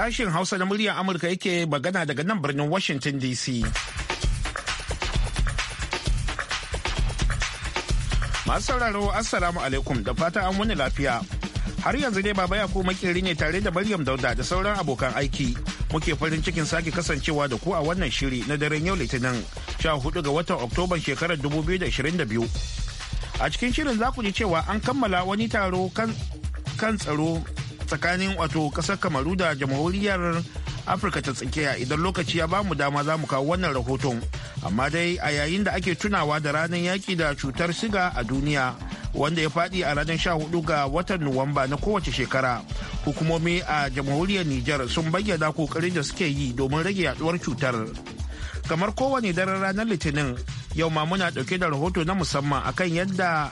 Sashen Hausa na muryar Amurka yake magana daga nan birnin Washington DC. Masu sauraro Assalamu alaikum da fata an wani lafiya. Har yanzu dai baba yaku makeri ne tare da Maryam Dauda da sauran abokan aiki. Muke farin cikin sake kasancewa da ku a wannan shiri na daren yau Litinin sha hudu ga watan Oktoba shekarar 2022. A cikin shirin za ku ji cewa an kammala wani taro kan tsaro tsakanin wato kasar kamaru da jamhuriyar afirka ta tsakiya idan lokaci ya bamu dama za mu kawo wannan rahoton amma dai a yayin da ake tunawa da ranar yaki da cutar siga a duniya wanda ya faɗi a ranar sha hudu ga watan nuwamba na kowace shekara hukumomi a jamhuriyar niger sun bayyana kokarin da suke yi domin rage yaduwar cutar kamar kowane daren ranar litinin yau ma muna dauke da rahoto na musamman akan yadda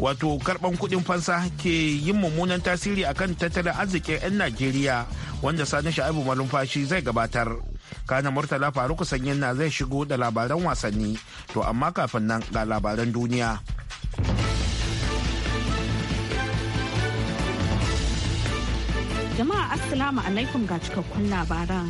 wato karban kudin fansa ke yin mummunan tasiri akan tattalin arzikin 'yan najeriya wanda sani sha'ibu malumfashi zai gabatar kana murtala faruk sanyin na zai shigo da labaran wasanni to amma kafin nan ga labaran duniya jama'a assalamu alaikum ga cikakkun labaran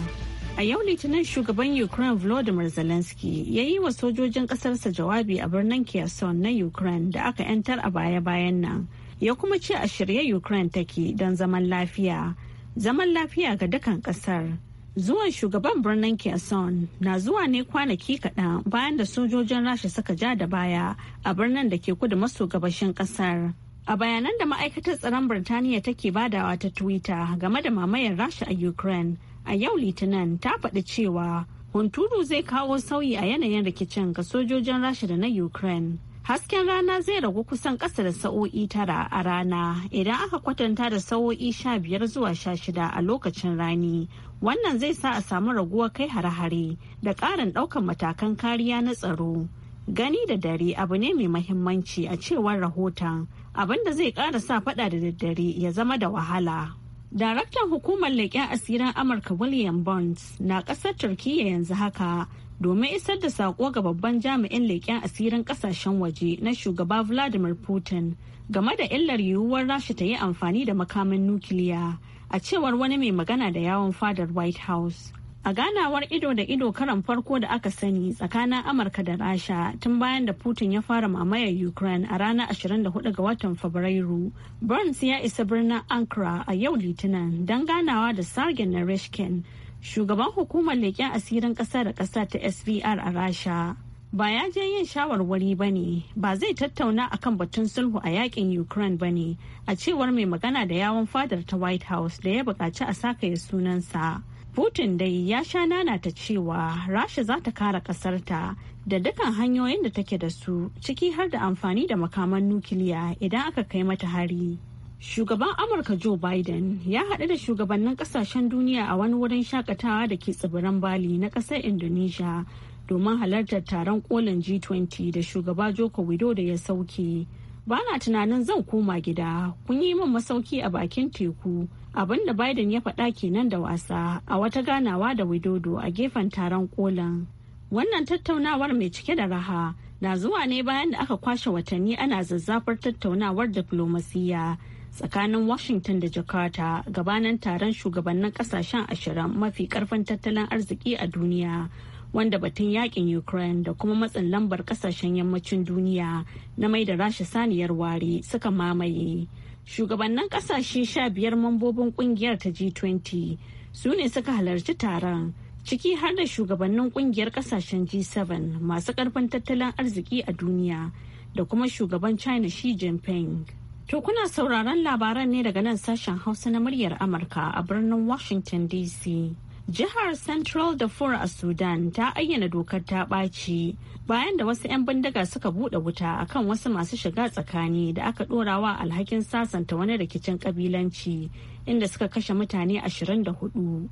A yau Litinin shugaban Ukraine Volodymyr Zelensky ya yi wa sojojin ƙasarsa jawabi a birnin Kherson na Ukraine da aka 'yantar a baya-bayan nan. Ya kuma ce a shirye Ukraine take don zaman lafiya. Zaman lafiya ga dukan ƙasar. Zuwan shugaban birnin Kherson na zuwa ne kwanaki kaɗan bayan da sojojin Rasha suka ja da baya a birnin da ke kudu maso gabashin ƙasar. A bayanan da ma'aikatar tsaron Birtaniya take badawa ta Twitter game da mamayar Rasha a Ukraine. a yau litinin ta faɗi cewa hunturu zai kawo sauyi a yanayin rikicin ga sojojin rasha da na ukraine hasken rana zai ragu kusan ƙasa da sa'o'i tara a rana idan aka kwatanta da sa'o'i sha biyar zuwa sha shida a lokacin rani wannan zai sa a samu raguwa kai hare-hare da ƙarin ɗaukan matakan kariya na tsaro gani da dare abu ne mai mahimmanci a cewar rahoton abinda zai ƙara sa faɗa da daddare ya zama da wahala Daraktan hukumar leƙen asirin Amurka William Burns na ƙasar Turkiyya yanzu haka domin isar da saƙo ga babban jami'in leƙen asirin ƙasashen waje na shugaba Vladimir Putin game da illar yiwuwar Rasha ta yi amfani da makamin nukiliya a cewar wani mai magana da yawon fadar White House. A ganawar ido da ido karan farko da aka sani tsakanin Amurka da Rasha tun bayan da Putin ya fara mamayar Ukraine a ranar 24 ga watan Fabrairu, Burns ya isa birnin Ankara a yau Litinin don ganawa da na Narishkin, shugaban hukumar leƙen asirin ƙasa da ƙasa ta SVR a Rasha. Ba ya je yin shawarwari ba ne, ba zai tattauna akan batun sulhu a yakin Ukraine ba ne, a cewar mai magana da yawon fadar ta White House da ya buƙaci a sakaya sunansa. Putin dai ya sha nana ta cewa Rasha za ta kare ƙasarta da dukkan hanyoyin da take da su ciki har da amfani da makaman nukiliya idan aka kai mata hari. Shugaban Amurka Joe Biden ya haɗu da shugabannin ƙasashen duniya a wani wurin shakatawa da ke tsibiran Bali na ƙasar Indonesia domin halartar taron kolin G20 da shugaba Joko Widodo ya sauke. ba na tunanin zan koma gida kun yi min masauki a bakin teku abin da biden ya faɗa kenan da wasa a wata ganawa da widodo a gefen taron kolan wannan tattaunawar mai cike da raha na zuwa ne bayan da aka kwashe watanni ana zazzafar tattaunawar diflomasiyya tsakanin washington da jakarta gabanin taron shugabannin kasashen ashirin mafi karfin tattalin arziki a duniya wanda batun yakin ukraine da kuma matsin lambar kasashen yammacin duniya na mai da rasha saniyar ware suka mamaye shugabannin kasashe sha biyar mambobin kungiyar ta g20 su ne suka halarci taron ciki har da shugabannin kungiyar kasashen g7 masu karfin tattalin arziki a duniya da kuma shugaban china xi jinping to kuna sauraron labaran ne daga nan sashen hausa na muryar amurka a birnin washington dc jihar central fura a sudan ta ayyana dokar ta ɓaci bayan da wasu 'yan bindiga suka buɗe wuta akan wasu masu shiga tsakani da aka ɗorawa alhakin sasanta wani rikicin ƙabilanci inda suka kashe mutane 24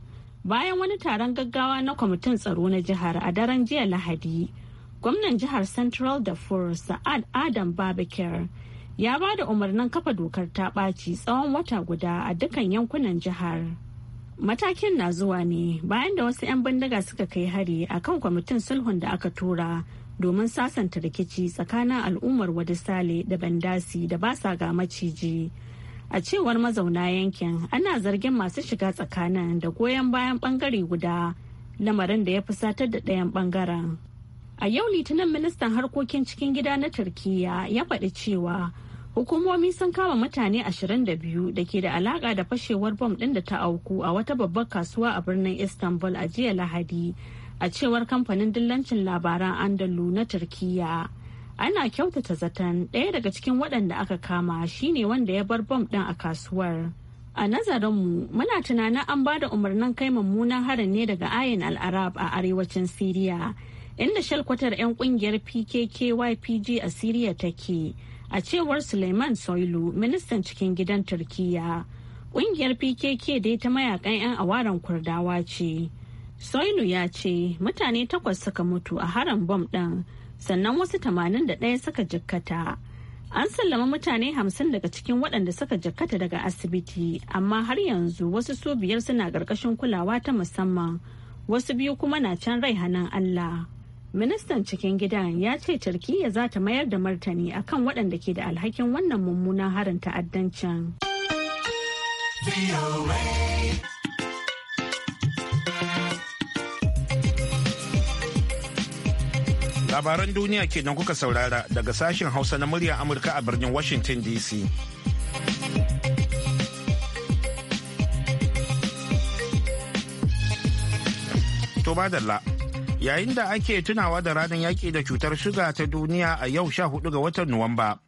bayan wani taron gaggawa na kwamitin tsaro na jihar a daren jiya lahadi gwamnan jihar central da sa'ad adam babakir ya ba da umarnin kafa dokar ta ɓaci tsawon wata guda a dukkan yankunan jihar. Matakin na zuwa ne bayan da wasu 'yan bindiga suka kai hari a kan kwamitin sulhun da aka tura domin sasanta rikici tsakanin al'ummar wadi sale da bandasi da basa ga maciji. A cewar mazauna yankin ana zargin masu shiga tsakanin da goyon bayan bangare guda lamarin da ya fusatar da ɗayan bangaren. A yau litinin ministan harkokin cikin gida na Turkiyya ya faɗi cewa Hukumomi sun kama mutane 22 da ke da alaka da fashewar bom ɗin da ta auku a wata babbar kasuwa a birnin Istanbul a jiya Lahadi, a cewar kamfanin dillancin labaran Andalu na turkiya Ana kyautata zaton ɗaya daga cikin waɗanda aka kama shine wanda ya bar bom ɗin a kasuwar. A nazarinmu muna tunanin an ba da umarnin kai mummunan harin ne daga ayin al'arab a arewacin Siriya, inda shalkwatar 'yan kungiyar ypg a Siriya take. a cewar suleiman soilu ministan cikin gidan turkiya kungiyar pkk dai ta mayakan 'yan awaran kurdawa ce soilu ya ce mutane takwas suka mutu a harin bom ɗin sannan wasu 81 suka jikkata an sallama mutane hamsin daga cikin waɗanda suka jikkata daga asibiti amma har yanzu wasu su biyar suna ƙarƙashin kulawa ta musamman wasu biyu kuma na can rai hannun allah ministan cikin gida ya ce turkiyya za ta mayar da martani akan waɗanda ke da alhakin wannan mummunan harin ta'addancin labaran duniya kenan kuka saurara daga sashen hausa na muryar amurka a birnin washington dc to madalla Yayin da ake tunawa da ranar yaƙi da cutar suga ta duniya a yau sha hudu ga watan Nuwamba,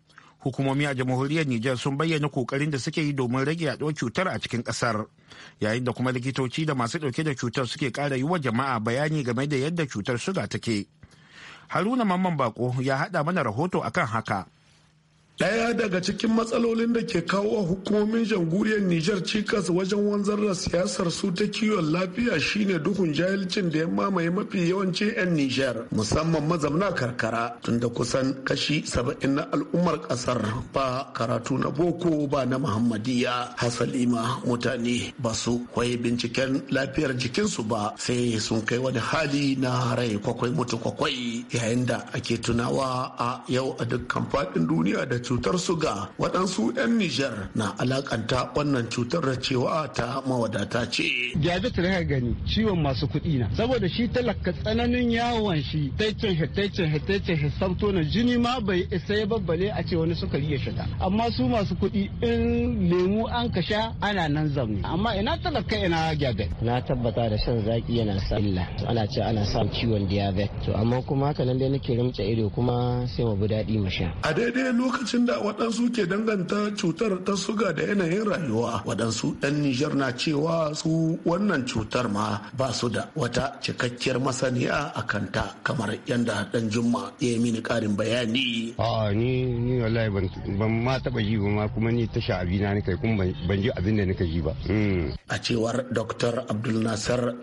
hukumomi a jamhuriyar Nijar sun bayyana kokarin da suke yi domin rage yaɗuwar cutar a cikin kasar Yayin da kuma likitoci da masu dauke da cutar suke ƙara yi wa jama'a bayani game da yadda cutar suga take. Haruna Mamman Bako ya hada mana rahoto akan haka. Ɗaya daga cikin matsalolin da ke kawo hukumomin jamhuriyar Nijar cikas wajen wanzar da siyasar su ta kiwon lafiya shine duhun jahilcin da ya mamaye mafi yawanci 'yan Nijar musamman mazamna karkara tunda kusan kashi 70 na al'ummar kasar ba karatu na boko ba na Muhammadiyya hasalima mutane ba su kwaye binciken lafiyar jikinsu ba sai sun kai wani hali na rai kwakwai mutu kwakwai yayin da ake tunawa a yau a dukkan faɗin duniya da cutar suga waɗansu 'yan Nijar na alakanta wannan cutar da cewa ta mawadata ce. Jaji ta gani ciwon masu kuɗi na saboda shi talaka tsananin yawon shi taicin hitaicin hitaicin hisabto na jini ma bai isa ya babbale a ce wani sukari ya shiga amma su masu kuɗi in lemu an ka sha ana nan zamne amma ina talaka ina gyagai. Na tabbata da shan zaki yana sa illa ana ce ana sa ciwon diabetes to amma kuma haka nan dai nake rimtsa ido kuma sai mu bi daɗi mu sha. A daidai lokacin lokacin da waɗansu ke danganta cutar ta suga da yanayin rayuwa waɗansu ɗan nijar na cewa su wannan cutar ma ba su da wata cikakkiyar masaniya a kanta kamar yadda ɗan jumma ya yi mini ƙarin bayani a ni ni wallahi ban ma taɓa ji ba ma kuma ni tasha abina ni kai kuma ban ji abin da nika ji ba hmm. a cewar dr abdul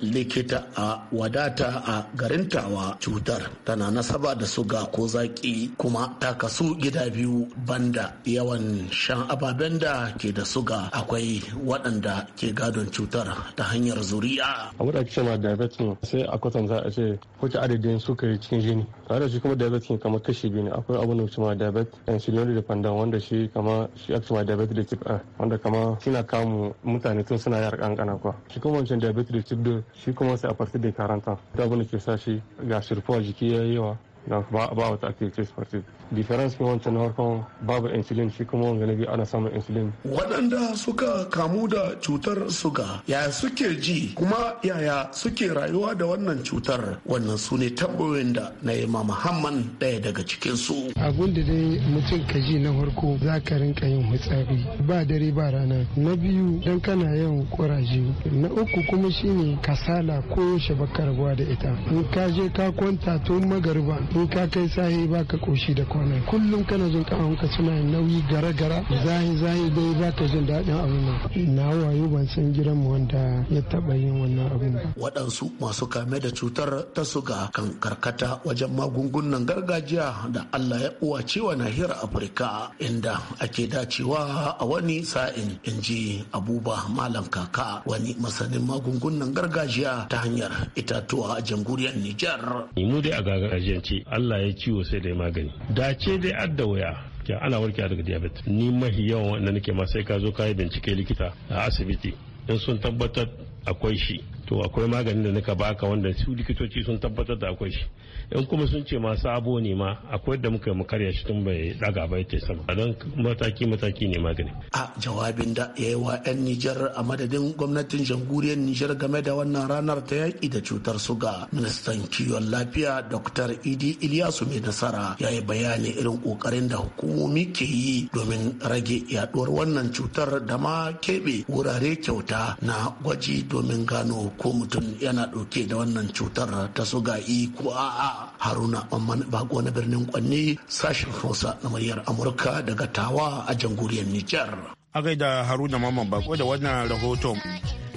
likita a wadata a garin tawa cutar tana nasaba da suga ko zaki kuma ta kasu gida biyu banda yawan shan ababen da ke da suga akwai waɗanda ke gadon cutar ta hanyar zuri'a. a da ake cewa diabetes sai a kwatanta a ce ta adadin sukari cikin jini. Tare da shi kuma diabetes kamar kashi biyu ne akwai abu da cewa diabetes insulin dependent wanda shi kama shi ake cewa diabetes da tip wanda kama suna kamu mutane tun suna yara kankana kuwa. Shi kuma wancan diabetes da tip 2 shi kuma sai a partir da karanta. Ta abu da ke sa shi ga shirfuwa jiki ya yi yawa donc ba wata activity sportive difference ne wancan na babu insulin shi kuma wanga na biyu ana samun insulin waɗanda suka kamu da cutar suga yaya suke ji kuma yaya suke rayuwa da wannan cutar wannan su ne tabbayoyin da na yi ma muhamman ɗaya daga cikin su abin da dai mutum ka ji na farko za ka rinka yin fitsari ba dare ba rana na biyu dan kana yin kuraje na uku kuma shine kasala ko shabakar ruwa da ita in ka je ka kwanta tun magariba in ka kai sahi baka koshi da kwana kullum kana jin kawon suna nauyi gara gara zahi zahi dai baka jin daɗin abin nan na wayo ban san gidan mu wanda ya taba yin wannan abin ba waɗansu masu kame da cutar ta suga kan karkata wajen magungunan gargajiya da Allah ya uwa wa nahiyar Afirka inda ake dacewa a wani sa'in in ji abuba malam kaka wani masanin magungunan gargajiya ta hanyar itatuwa a jamhuriyar Nijar. Mu dai a gargajiyance Allah ya ciwo sai da ya magani dace dai adda waya ya ana warkewa daga diabetes ni mahi yawan wanda nake ma sai ka zo ka yi bincike likita a asibiti in sun tabbatar akwai shi to akwai maganin da nika baka wanda su likitoci sun tabbatar da akwai shi in kuma sun ce ma sabo ne ma akwai da muka mu karya shi tun bai daga bai ta sama don mataki mataki ne magani a jawabin da ya yi wa 'yan nijar a madadin gwamnatin jamhuriyar nijar game da wannan ranar ta yaƙi da cutar suga ministan kiwon lafiya dr idi iliyasu mai nasara ya yi bayani irin ƙoƙarin da hukumomi ke yi domin rage yaduwar wannan cutar da ma keɓe wurare kyauta na gwaji domin gano ko mutum yana ɗauke da wannan cutar ta suga i ko a'a haruna amman bako na birnin kwanne sashen hausa na muryar amurka daga tawa a jamhuriyar nijar a gaida haruna mamman bako da wannan rahoton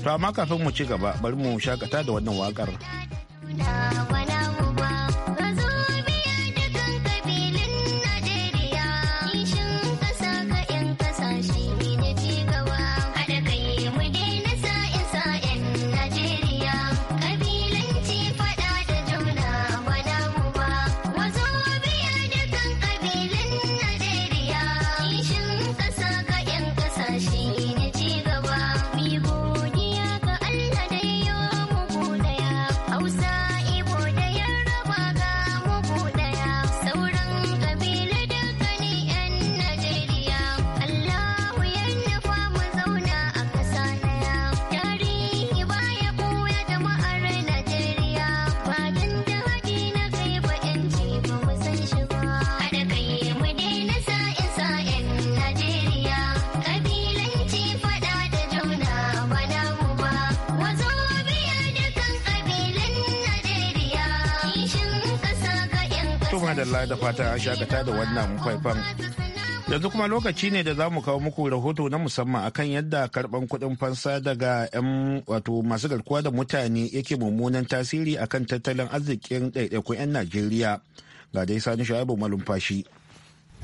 to amma kafin mu ci gaba bari mu shakata da wannan wakar. Allah da fata a shakata da wannan faifan. Yanzu kuma lokaci ne da za mu kawo muku rahoto na musamman akan yadda karban kuɗin fansa daga 'yan wato masu garkuwa da mutane yake mummunan tasiri akan tattalin arzikin ɗaiɗaikun 'yan Najeriya. Ga dai sani sha'ibu malumfashi.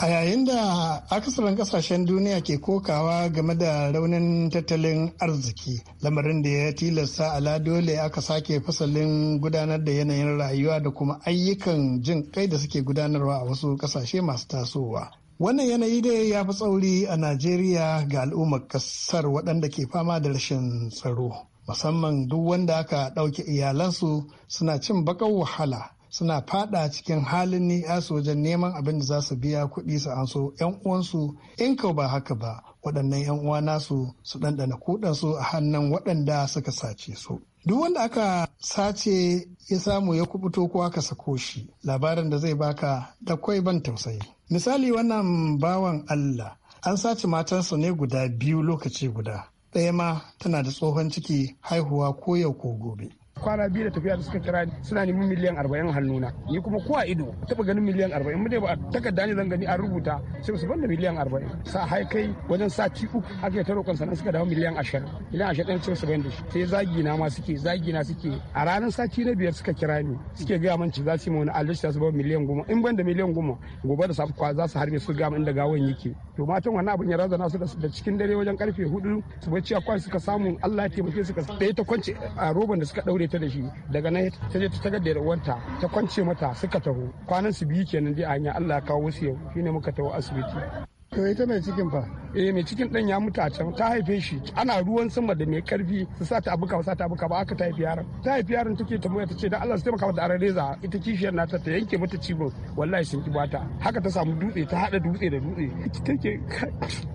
A yayin da akasarin kasashen duniya ke kokawa game da raunin tattalin arziki, lamarin da ya tilasta ala dole aka sake fasalin gudanar da yanayin rayuwa da kuma ayyukan jin kai da suke gudanarwa a wasu kasashe masu tasowa. Wannan yanayi dai ya fi tsauri a Najeriya ga al'ummar kasar waɗanda ke fama da rashin tsaro, musamman duk wanda aka ɗauke iyalansu suna cin baƙar wahala suna fada cikin halin ni'asu wajen neman abin da za su biya kuɗi su anso 'yan uwansu in kau ba haka ba waɗannan 'yan uwa nasu su ɗanɗana kuɗansu a hannun waɗanda suka sace su. Duk wanda aka sace ya samu ya kubuto ko aka sako shi labarin da zai baka da kwai ban tausayi. Misali wannan bawan Allah an sace matansa ne guda biyu lokaci guda. Ɗaya ma tana da tsohon ciki haihuwa ko yau ko gobe. kwana biyu da tafiya da suka kira suna neman miliyan arba'in hannuna ni kuma ko a ido taba ganin miliyan arba'in mu dai ba takarda ne zan gani an rubuta sai su banda miliyan arba'in sa hai kai wajen sati uku aka ta roƙon sannan suka dawo miliyan ashirin miliyan ashirin sai su banda shi sai zagi na ma suke zagi na suke a ranar sati na biyar suka kira ni suke gaya min ci za su yi wani alhaji za su ba miliyan goma in banda miliyan goma gobe da safe kwa za su harbe su gama inda gawan yake to matan wannan abin ya razana su da cikin dare wajen karfe hudu su bai cewa kwan suka samu Allah ya taimake suka ɗaya ta kwance a roban da suka daure ta da shi daga nan ta je ta tagar da uwarta ta kwance mata suka taho kwanan su biyu kenan dai a hanya Allah ya kawo su yau shine muka taho asibiti To ita mai cikin fa? Eh mai cikin ɗan ya mutu a can ta haife shi ana ruwan sama da mai karfi su sa ta abuka sa ta abuka ba aka ta haifi yaron. Ta haifi yaron take ta ta ce da Allah su taimaka da aran reza ita kishiyar nata ta yanke mata cibo wallahi sun ki bata. Haka ta samu dutse ta haɗa dutse da dutse. Ita take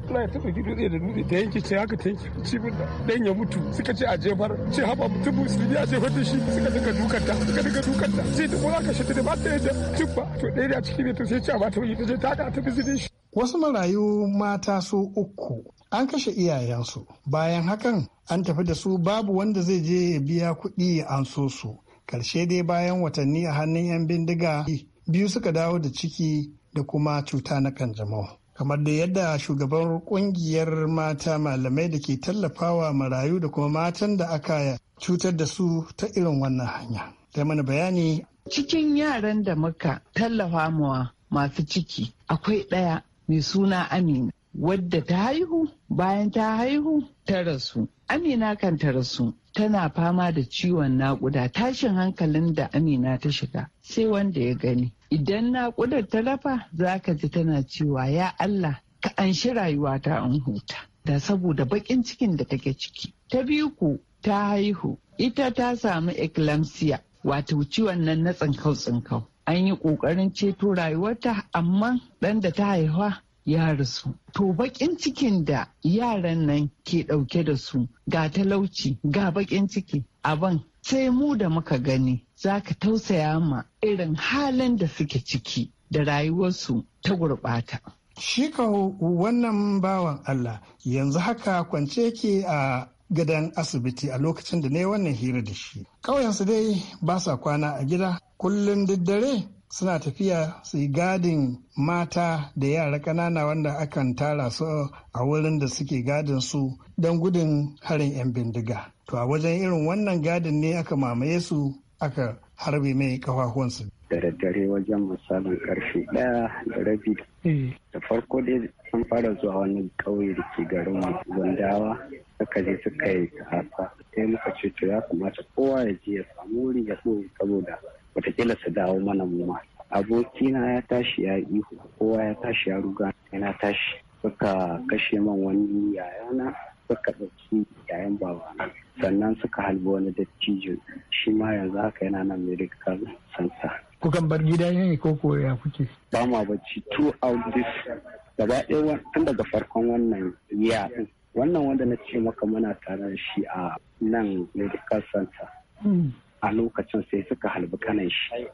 Allah ta fiki dutse da dutse ta yanke ce haka ta yanke cibin da ɗan ya mutu suka ce a jefar ce haba mutum su a jefar da shi suka dinga dukanta suka dinga dukanta sai ta ko aka shi ta da ba ta yadda tuba to ɗaya da ciki ne to sai ce a ba ta yi ta je ta haɗa ta shi. Wasu marayu mata su uku an kashe iyayensu bayan hakan an tafi da su babu wanda zai je ya biya kuɗi an so su. Karshe dai bayan watanni a hannun 'yan bindiga biyu suka dawo da ciki da kuma cuta na kanjamau. kamar da yadda shugaban kungiyar mata malamai da ke tallafawa marayu da kuma matan da aka cutar da su ta irin wannan hanya. Ta mana bayani. Cikin yaran da muka tallafa masu ciki akwai ɗaya mai suna Amina wadda ta haihu bayan ta haihu ta rasu. Amina kan ta rasu tana fama da ciwon naƙuda tashin hankalin da Amina ta shiga sai wanda ya gani. Idan naƙudar ta lafa za ka ji tana cewa ya Allah ka an anshi rayuwata an huta. Da saboda baƙin cikin da take ciki. Ta biyu ku ta haihu ita ta samu eclampsia wato ciwon nan na tsinkau-tsinkau. an yi ƙoƙarin ceto rayuwarta amma ɗan da ta haifa ya rasu. To baƙin cikin da yaran nan ke ɗauke da su ga talauci ga baƙin ciki abin sai mu da muka gani za ka tausaya ma irin halin da suke ciki da rayuwarsu ta gurɓata. Shi wannan bawan Allah yanzu haka kwance ke a gadon asibiti a lokacin da ne wannan hira da shi ƙauyensu dai ba sa kwana a gida kullum daddare suna tafiya su yi gadin mata da yara ƙanana wanda akan tara su a wurin da suke gadin su don gudun harin 'yan bindiga to a wajen irin wannan gadin ne aka mamaye su aka harbe mai kafafuwansu. Da daddare wajen misalin karfe ɗaya da rabi. Eh. Da farko dai sun fara zuwa wani ƙauye da ke garin Gondawa suka je suka yi hasa. Sai muka ce to ya kamata kowa ya je ya samu wuri ya so saboda watakila su dawo mana mu Abokina ya tashi ya ihu kowa ya tashi ya ruga yana tashi suka kashe man wani yayana suka ɗauki yayan baba sannan suka halbi wani dattijo shi ma yanzu haka yana nan medical center kukan bar gida ne ko ko ya kuke ba ma bacci two out this gaba ɗaya tun daga farkon wannan ya wannan wanda na ce maka muna tare da shi a nan medical center hmm. a lokacin sai suka halbi kanan shi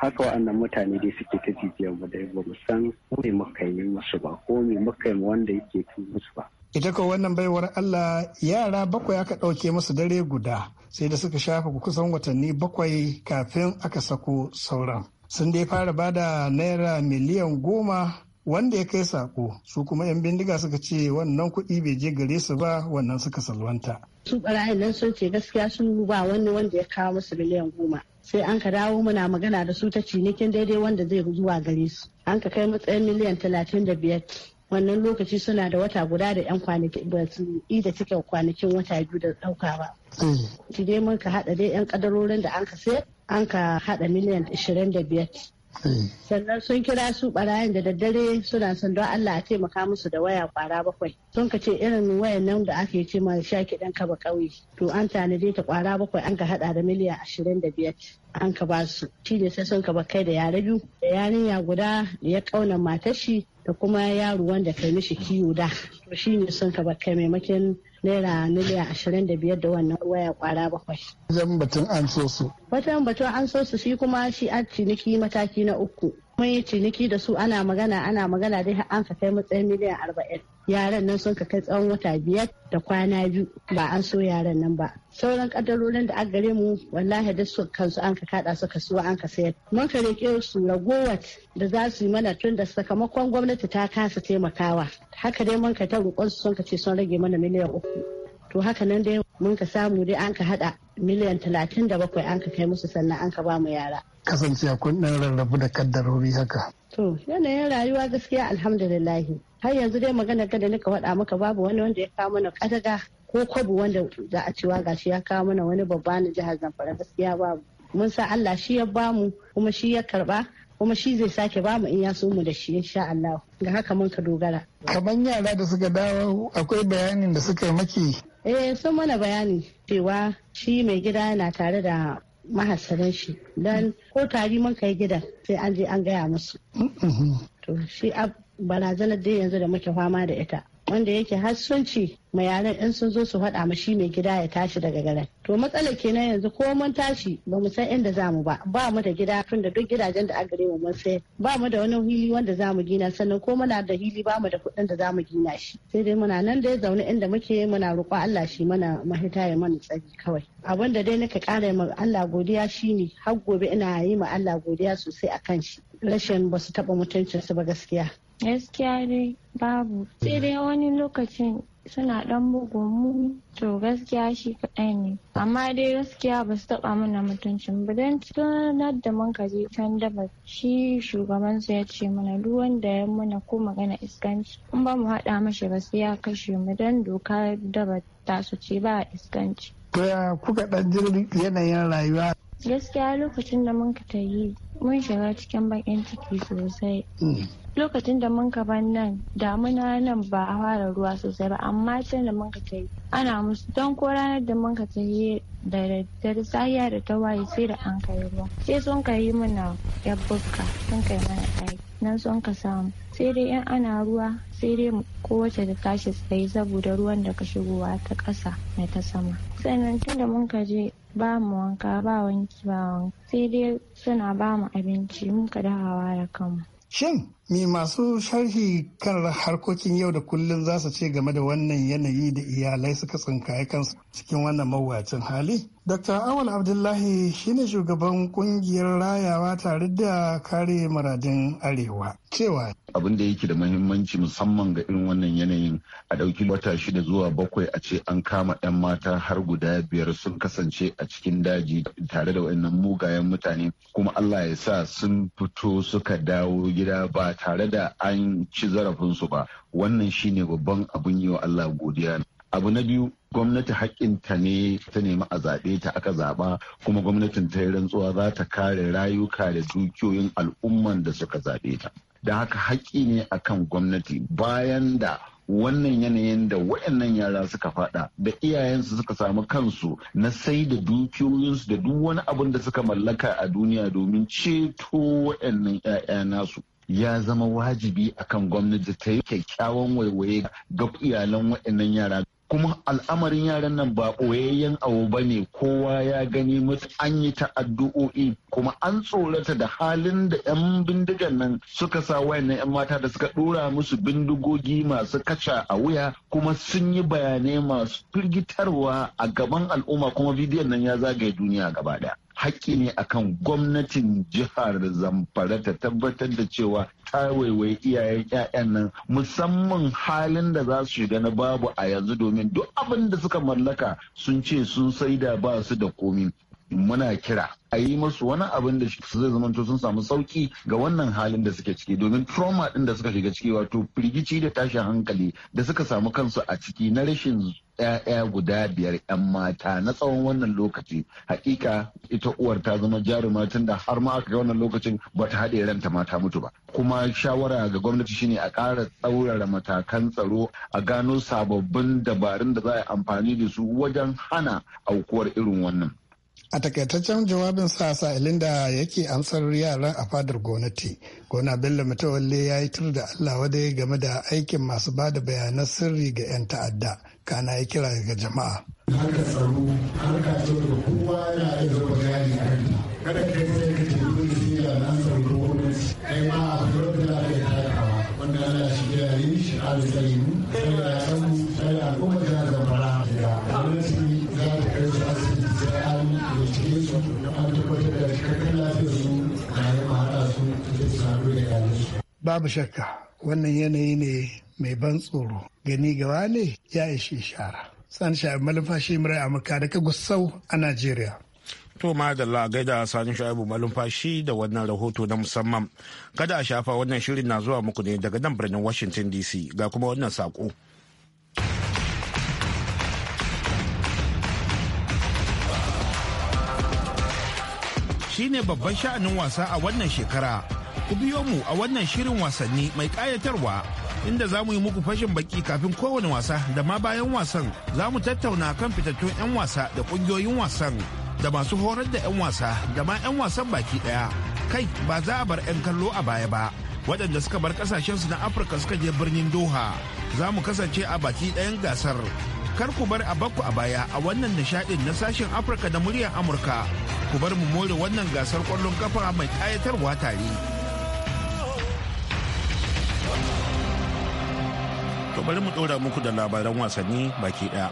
haka wa'annan mutane dai suke ta jijiyar mu da ba mu san me muka yi musu ba ko me muka yi wanda yake tun musu ba ita ko wannan baiwar allah yara bakwai aka ɗauke masu dare guda sai da suka shafa kusan watanni bakwai kafin aka sako sauran sun dai fara bada naira miliyan goma wanda ya kai sako su kuma 'yan bindiga suka ce wannan kuɗi bai je gare su ba wannan suka salwanta. su barayin nan sun ce gaskiya sun ba wani wanda ya kawo musu miliyan goma sai an ka dawo muna magana da su ta cinikin daidai wanda zai zuwa gare su an ka kai matsayin miliyan talatin da biyar wannan lokaci suna da wata guda da yan kwanaki ba su yi da cikin kwanakin wata biyu da dauka ba. Mm. Shi dai mun ka haɗa dai yan kadarorin da an ka sayar an ka haɗa miliyan ishirin mm. sannan sun kira su barayin da daddare suna son don Allah a taimaka musu da waya kwara bakwai sun ka ce irin wayan nan da ake ce ma shaki dan kaba kauye to an tanadi ta kwara bakwai an ka hada da miliyan ashirin da an ka ba su shi ne sai sun ka kai da yare biyu da yarinya guda da ya kauna matar shi da kuma yaro wanda kai mishi kiwo da to shi ne sun ka kai maimakon naira miliyan ashirin da biyar da wannan waya kwara bakwai. Wajen batun an so su. Wajen batun an so su shi kuma shi an ciniki mataki na uku. Mun yi ciniki da su ana magana ana magana dai an ka kai matsayin miliyan arba'in. yaran nan sun kai tsawon wata biyar da kwana biyu ba an so yaran nan ba sauran kadarorin da aka gare mu wallahi da su kansu an ka kada su kasuwa an ka sayar mun ka rike su ragowat da za su yi mana tun da sakamakon gwamnati ta kasa taimakawa haka dai mun ka ta roƙon su sun ka ce sun rage mana miliyan uku to haka nan dai mun ka samu dai an ka hada miliyan talatin da bakwai an ka kai musu sannan an ka ba mu yara kasance kun dan rarrabu da kaddarori haka To yanayin rayuwa gaskiya alhamdulillahi. Har yanzu dai magana da nika faɗa maka babu wani wanda ya kawo mana kadaga ko kwabu wanda za a cewa gashi ya kawo mana wani babba na jihar Zamfara gaskiya babu. Mun sa Allah shi ya bamu kuma shi ya karba kuma shi zai sake bamu in ya so mu da shi insha Allah. Ga haka mun ka dogara. Kaman yara da suka dawo akwai bayanin da suka yi maki. Eh sun mana bayani cewa shi mai gida yana tare da mahasaran shi don ko tari man kai gidan sai an je an gaya musu mm-hmm. to shi barazanar da yanzu da muke fama da ita wanda yake hassunci ma yaran in sun zo su faɗa ma shi mai gida ya tashi daga garin to matsalar kenan yanzu ko mun tashi ba mu san inda zamu ba ba mu da gida tun da duk gidajen da aka mu mun sayar ba mu da wani hili wanda zamu gina sannan ko muna da hili ba mu da kuɗin da zamu gina shi sai dai muna nan dai zaune inda muke muna roƙo Allah shi mana mahita ya mana tsari kawai abin da dai nika ƙara ma Allah godiya shine har gobe ina yi ma Allah godiya sosai akan shi rashin ba su mutuncin su ba gaskiya Gaskiya dai babu. Sai dai wani lokacin suna ɗan bugun mu to gaskiya shi kaɗai ne amma dai gaskiya ba su taɓa mana mutuncin ba don tunar da mun kaje can daba shi shugaban su ya ce mana duk wanda ya mana ko magana iskanci in ba mu haɗa mashi ba sai ya kashe mu don doka daba ta su ce ba iskanci. to ya kuka ɗan jirgin yanayin rayuwa gaskiya lokacin da mun ka yi mun shiga cikin bakin ciki sosai mm. lokacin da mun ban nan damuna nan ba a fara ruwa sosai ba amma can da mun ka yi ana musu don ko ranar da mun ka yi da daddare sahiya da ta waye sai da an kai ruwa sai sun ka yi mana yabbuka sun kai mana ɗaki nan sun ka samu sai dai in ana ruwa sai dai kowace da tashi tsaye saboda ruwan da ka shigowa ta ƙasa na ta sama sannan tun da mun ka je ba mu wanka ba wanki ba wanka sai dai suna ba mu abinci mun ka dahawa da kanmu Shin Me masu sharhi kan harkokin yau da kullum za su ce game da wannan yanayi da iyalai suka tsinkaye kansu cikin wannan mawuyacin hali? Dr. Awal Abdullahi shine shugaban kungiyar rayawa tare da kare muradin Arewa. Cewa abin da yake da mahimmanci musamman ga irin wannan yanayin a ɗauki wata shida zuwa bakwai a ce an kama 'yan mata har guda biyar sun kasance a cikin daji tare da wayannan mugayen mutane kuma Allah ya sa sun fito suka dawo gida ba ba tare da an ci zarafinsu ba wannan shine babban abun yi wa Allah godiya abu na biyu gwamnati haƙƙinta ne ta nemi a zaɓe ta aka zaɓa kuma gwamnatin ta yi rantsuwa za ta kare rayuka da dukiyoyin al'umman da suka zaɓe ta da haka haƙƙi ne akan gwamnati bayan da wannan yanayin da waɗannan yara suka faɗa? da iyayensu suka samu kansu na sai da dukiyoyinsu da duk wani abin da suka mallaka a duniya domin ceto waɗannan 'ya'ya nasu ya zama wajibi akan gwamnati ta yi kyakkyawan waiwaye ga iyalan waɗannan yara kuma al'amarin yaran nan ba ɓoyayyen abu ba ne kowa ya gani mutu an yi ta addu'o'i kuma an tsorata da halin da 'yan bindigan nan suka sa wayannan 'yan mata da suka ɗora musu bindigogi masu kaca a wuya kuma sun yi bayanai masu firgitarwa a gaban al'umma kuma bidiyon nan ya zagaye duniya gaba ɗaya. haƙƙi ne akan gwamnatin jihar zamfara ta tabbatar da cewa ta waiwai iyayen 'ya'yan nan musamman halin da za su shiga na babu a yanzu domin duk abin da suka mallaka sun ce sun saida ba su da komi muna kira a yi masu wani abin da su zai zamanto sun samu sauki ga wannan halin da suke ciki domin trauma din da suka shiga ciki wato firgici da tashin hankali da suka samu kansu a ciki na rashin ‘ya'ya guda biyar ‘yan mata na tsawon wannan lokaci hakika ita uwar ta zama jaruma tun da har ma aka ga wannan lokacin ba ta haɗe ranta ma ta mutu ba kuma shawara ga gwamnati shine a ƙara tsaurara matakan tsaro a gano sababbin dabarun da za a yi amfani da su wajen hana aukuwar irin wannan a takaitaccen jawabin sa sa ilinda yake amsar yaran a fadar gwamnati gona bello mutawalle ya yi tur da allah wadai game da aikin masu ba da bayanan sirri ga 'yan ta'adda kana ya kira ga jama'a harkar tsaro har ka tsoro kowa yana da bayani a kada yi babu shakka wannan yanayi ne mai ban tsoro gani gawa ne ya ishi ishara sani sha'ib malumfashi murai amurka daga gusau a najeriya to da gaida sani sha'ibu malumfashi da wannan rahoto na musamman kada a shafa wannan shirin na zuwa muku ne daga nan birnin washington dc ga kuma wannan sako shine babban sha'anin wasa a wannan shekara ku biyo mu a wannan shirin wasanni mai ƙayatarwa inda za mu yi muku fashin baki kafin kowane wasa da ma bayan wasan za mu tattauna kan fitattun 'yan wasa da ƙungiyoyin wasan da masu horar da 'yan wasa da ma 'yan wasan baki ɗaya kai ba za a bar 'yan kallo a baya ba waɗanda suka bar su na afirka suka je birnin doha za mu kasance a baki ɗayan gasar kar ku bar a bakku a baya a wannan nishaɗin na sashen afirka da muryar amurka ku bar mu more wannan gasar kwallon kafa mai ƙayatarwa tare to bari mu ɗora muku da labaran wasanni baki ɗaya.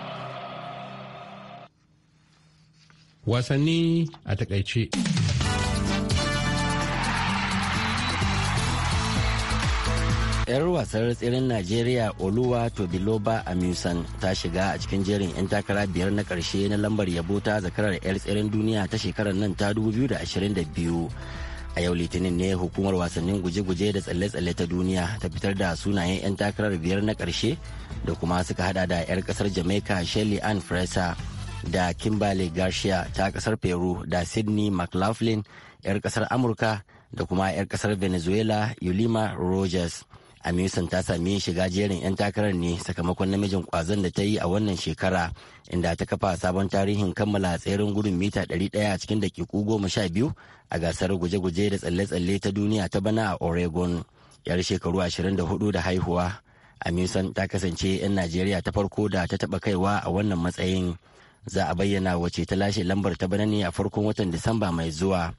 Wasanni a takaice. yar wasar tsirin najeriya oluwa tobiloba amusan ta shiga a cikin jerin 'yan takara biyar na karshe na lambar yabo ta zakarar yar tsirin duniya ta shekarar nan ta 2022 a yau litinin ne hukumar wasannin guje-guje da tsalle-tsalle ta duniya ta fitar da sunayen 'yan takarar biyar na karshe da kuma suka hada da 'yar kasar jamaica shelly ann fraser da kimberly garcia ta kasar peru da sydney mclaughlin 'yar kasar amurka da kuma 'yar kasar venezuela yulima rogers aminsan ta sami shiga jerin 'yan takarar ne sakamakon namijin kwazon da ta yi a wannan shekara inda ta kafa sabon tarihin kammala tseren gudun mita 100 a cikin dakiku goma sha biyu a gasar guje-guje da tsalle-tsalle ta duniya ta bana a Oregon. Yar shekaru 24 da haihuwa, aminsan ta kasance 'yan Najeriya ta farko da ta taba kaiwa a wannan matsayin. Za a bayyana wace ta lashe lambar ta bana ne a farkon watan Disamba mai zuwa.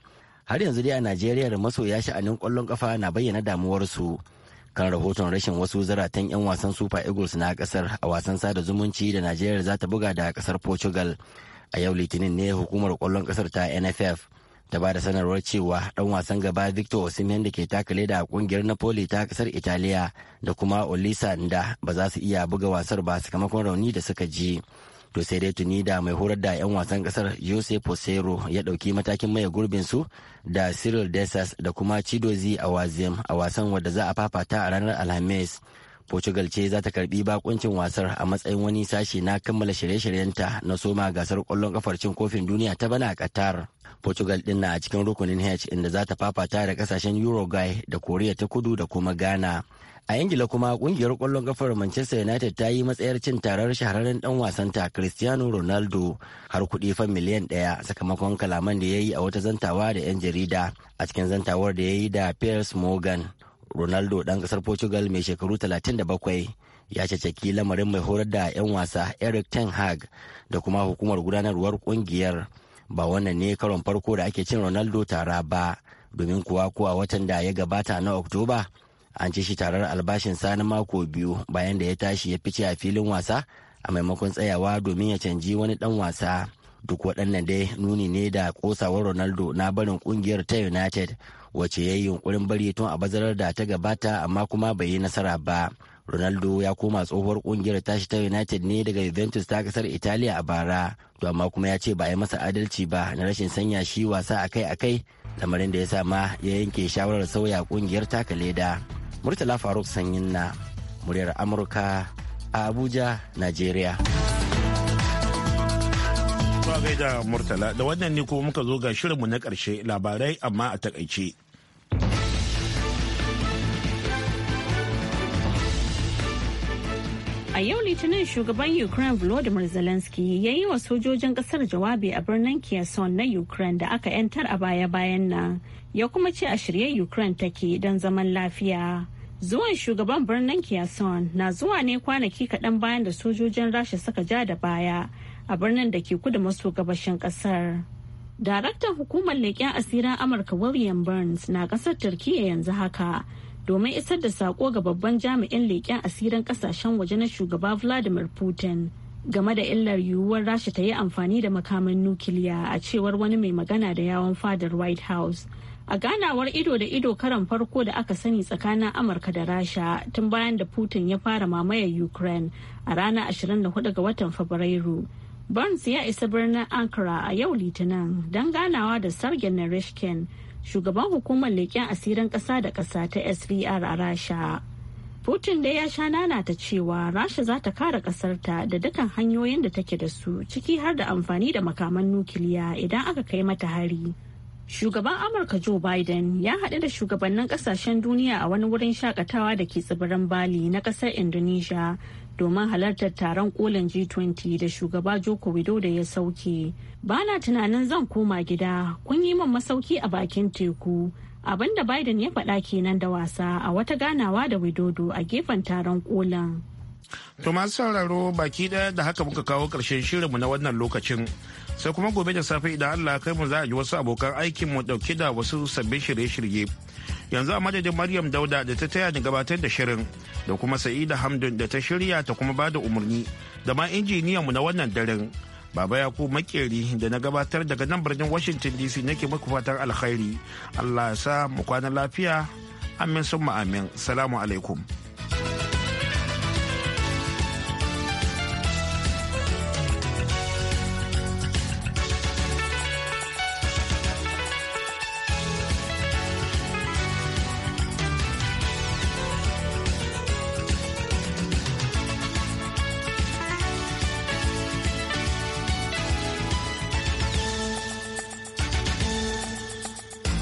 Har yanzu dai a Najeriya da masoya sha'anin kwallon kafa na bayyana damuwarsu. kan rahoton rashin wasu zaratan 'yan wasan super eagles na kasar a wasan sada zumunci da najeriya za ta buga da kasar portugal a yau litinin ne hukumar kwallon kasar ta nff ta ba da sanarwar cewa dan wasan gaba victor osimhen da ke takale da a kungiyar napoli ta kasar italiya da kuma olisa da ba za su iya buga wasar ba sakamakon rauni da suka ji to sai dai tuni da mai horar da 'yan wasan kasar jose posero ya dauki matakin maye gurbin su da cyril desas da kuma chidozi a a wasan wadda za a fafata a ranar alhamis portugal ce za ta karbi bakuncin wasar a matsayin wani sashe na kammala shirye-shiryenta na soma gasar kwallon kafar cin kofin duniya ta bana a qatar portugal din na a cikin rukunin h inda za ta fafata da kasashen uruguay da Korea ta kudu da kuma ghana a ingila kuma kungiyar kwallon kafar manchester united ta yi matsayar cin tarar shahararren dan wasanta cristiano ronaldo har kuɗi fan miliyan ɗaya sakamakon kalaman da ya yi a wata zantawa da 'yan jarida a cikin zantawar da ya yi da piers morgan ronaldo ɗan ƙasar portugal mai shekaru 37 ya caceki lamarin mai horar da 'yan wasa eric ten hag da kuma hukumar gudanarwar ƙungiyar ba wannan ne karon farko da ake cin ronaldo tara ba domin kuwa kuwa watan da ya gabata na oktoba an ci shi tarar albashinsa na mako biyu bayan da ya tashi ya fice a filin wasa a maimakon tsayawa domin ya canji wani dan wasa duk waɗannan dai nuni ne da kosawar ronaldo na barin ƙungiyar ta united wace ya yi yunkurin bari tun a bazarar da ta gabata amma kuma bai yi nasara ba ronaldo ya koma tsohuwar kungiyar tashi ta united ne daga juventus ta kasar italiya a bara to amma kuma ya ce ba a yi masa adalci ba na rashin sanya shi wasa akai-akai lamarin da ya sa ma ya yanke shawarar sauya kungiyar taka leda murtala faruk sanyin na muryar amurka a abuja nigeria a da Murtala da wannan ne kuma muka zo ga shirinmu na ƙarshe labarai amma a takaice. A yau Litinin shugaban Ukraine Volodymyr Zelensky ya yi wa sojojin kasar jawabi a birnin Kherson na Ukraine da aka 'yantar a baya-bayan nan. Ya kuma ce a shirye Ukraine take don zaman lafiya. Zuwan shugaban birnin Kherson na zuwa ne kwanaki kaɗan bayan da sojojin Rasha suka ja da baya a birnin da ke kudu maso gabashin kasar. Daraktan hukumar leƙen asirin Amurka William Burns na ƙasar Turkiyya yanzu haka domin isar da saƙo ga babban jami'in leƙen asirin ƙasashen waje na shugaba Vladimir Putin game da illar yiwuwar Rasha ta yi amfani da makamin nukiliya a cewar wani mai magana da yawon fadar White House. A ganawar ido da ido karan farko da aka sani tsakanin Amurka da Rasha tun bayan da Putin ya fara mamayar Ukraine a ranar 24 ga watan Fabrairu. Burns ya isa birnin Ankara a yau Litinin don ganawa da sargen Narishkin, shugaban hukumar leƙen asirin ƙasa da ƙasa ta SVR a Rasha. Putin dai ya sha nana ta cewa Rasha za ta kare ƙasarta da dukkan hanyoyin da take da su ciki har da amfani da makaman nukiliya idan aka kai mata hari. Shugaban Amurka Joe Biden ya haɗu da shugabannin ƙasashen duniya a wani wurin shakatawa da ke tsibirin Bali na ƙasar Indonesia domin halartar taron kolin G20 da shugaba Joko Widodo ya sauke. Bana tunanin zan koma gida, kun yi min masauki a bakin teku. Abin da Biden ya faɗa kenan da wasa a wata ganawa da Widodo a gefen taron kolin. To masu sauraro baki ɗaya da haka muka kawo ƙarshen shirinmu na wannan lokacin. Sai kuma gobe da safe idan Allah kai mu za a ji wasu abokan aikinmu ɗauke da wasu sabbin shirye-shirye. yanzu a madadin maryam dauda da ta taya ni gabatar da shirin da kuma sa'ida hamdun da ta shirya ta kuma bada umarni da ma injiniyanmu na wannan daren baba ya ku makeri da na gabatar daga nan birnin washington dc nake muku fatan alkhairi allah ya sa mu kwana lafiya amin summa amin salamu alaikum